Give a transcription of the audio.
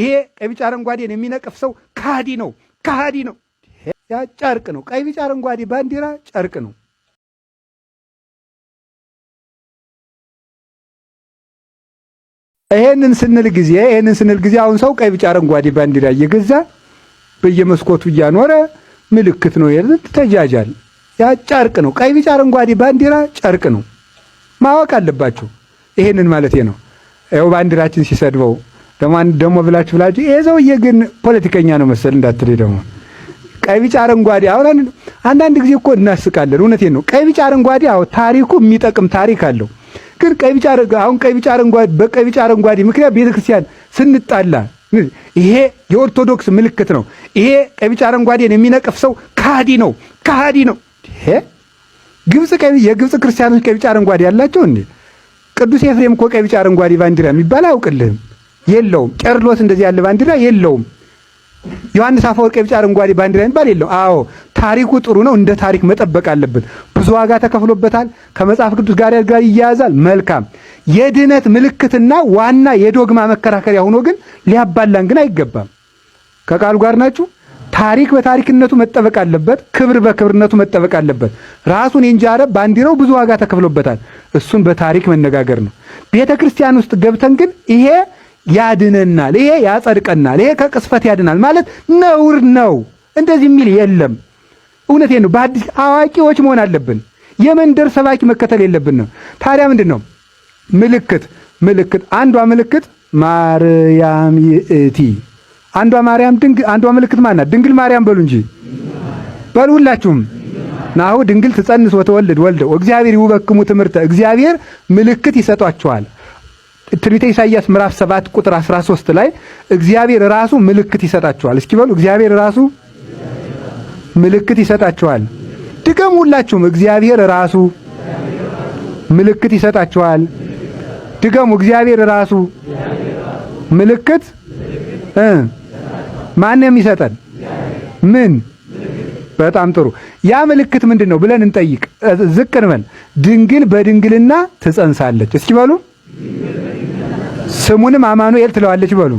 ይሄ ቀይ ቢጫ አረንጓዴን የሚነቅፍ ሰው ካሃዲ ነው፣ ካሃዲ ነው። ያ ጨርቅ ነው። ቀይ ቢጫ አረንጓዴ ባንዲራ ጨርቅ ነው። ይሄንን ስንል ጊዜ ይሄንን ስንል ጊዜ አሁን ሰው ቀይ ቢጫ አረንጓዴ ባንዲራ እየገዛ በየመስኮቱ እያኖረ ምልክት ነው የለት ተጃጃል። ያ ጨርቅ ነው። ቀይ ቢጫ አረንጓዴ ባንዲራ ጨርቅ ነው። ማወቅ አለባቸው። ይሄንን ማለት ነው። ይኸው ባንዲራችን ሲሰድበው ለማን ደግሞ ብላችሁ ብላችሁ ይሄ ሰውዬ ግን ፖለቲከኛ ነው መሰል እንዳትል ደግሞ ቀይ ቢጫ አረንጓዴ። አሁን አንዳንድ ጊዜ እኮ እናስቃለን። እውነቴን ነው። ቀይ ቢጫ አረንጓዴ አዎ ታሪኩ የሚጠቅም ታሪክ አለው። ግን ቀይ ቢጫ አሁን ቀይ ቢጫ አረንጓዴ በቀይ ቢጫ አረንጓዴ ምክንያት ቤተክርስቲያን ስንጣላ ይሄ የኦርቶዶክስ ምልክት ነው። ይሄ ቀይ ቢጫ አረንጓዴን የሚነቅፍ ሰው ካዲ ነው፣ ካዲ ነው። ይሄ ግብፅ የግብፅ ክርስቲያኖች ቀይ ቢጫ አረንጓዴ ያላቸው እንዴ? ቅዱስ ኤፍሬም እኮ ቀይ ቢጫ አረንጓዴ ባንዲራ የሚባል አያውቅልህም። የለውም። ቄርሎስ እንደዚህ ያለ ባንዲራ የለውም። ዮሐንስ አፈወርቅ ቢጫ አረንጓዴ ባንዲራ የሚባል የለው። አዎ ታሪኩ ጥሩ ነው፣ እንደ ታሪክ መጠበቅ አለብን። ብዙ ዋጋ ተከፍሎበታል። ከመጽሐፍ ቅዱስ ጋር ጋር ይያያዛል። መልካም የድህነት ምልክትና ዋና የዶግማ መከራከሪያ ሆኖ ግን ሊያባላን ግን አይገባም። ከቃሉ ጋር ናችሁ። ታሪክ በታሪክነቱ መጠበቅ አለበት። ክብር በክብርነቱ መጠበቅ አለበት። ራሱን የእንጂ ባንዲራው ብዙ ዋጋ ተከፍሎበታል። እሱን በታሪክ መነጋገር ነው። ቤተ ክርስቲያን ውስጥ ገብተን ግን ይሄ ያድነናል፣ ይሄ ያጸድቀናል፣ ይሄ ከቅስፈት ያድናል ማለት ነውር ነው። እንደዚህ የሚል የለም። እውነቴ ነው። በአዲስ አዋቂዎች መሆን አለብን። የመንደር ሰባኪ መከተል ነው። ታዲያ ምንድን ነው ምልክት ምልክት አንዷ ምልክት ማርያም ይእቲ አንዷ ማርያም ድንግ አንዷ ምልክት ማናት? ድንግል ማርያም በሉ እንጂ በሉ ሁላችሁም ናሁ ድንግል ትጸንስ ወተወልድ ወልደ እግዚአብሔር ይውበክሙ ትምህርተ እግዚአብሔር ምልክት ይሰጧቸዋል ትንቢተ ኢሳይያስ ምዕራፍ 7 ቁጥር 13 ላይ እግዚአብሔር ራሱ ምልክት ይሰጣችኋል። እስኪ በሉ እግዚአብሔር ራሱ ምልክት ይሰጣችኋል። ድገም ሁላችሁም፣ እግዚአብሔር ራሱ ምልክት ይሰጣችኋል። ድገሙ፣ እግዚአብሔር ራሱ ምልክት እ ማን የሚሰጠን ምን? በጣም ጥሩ። ያ ምልክት ምንድን ነው ብለን እንጠይቅ። ዝቅ እንበል። ድንግል በድንግልና ትጸንሳለች። እስኪ በሉ ስሙንም አማኑኤል ትለዋለች በሉ